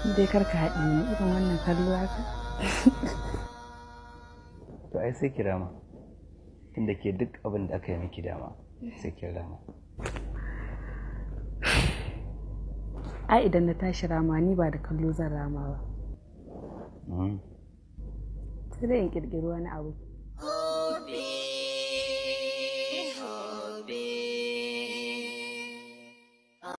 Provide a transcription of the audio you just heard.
dai ka haɗe ne irin wannan kallo haka to ai sai ki ma tunda ke duk abin da aka yi miki dama sai ki ma ai idan na tashi rama ni ba da kallo zan rama ba hmm. sai dai in kirkiri wani abu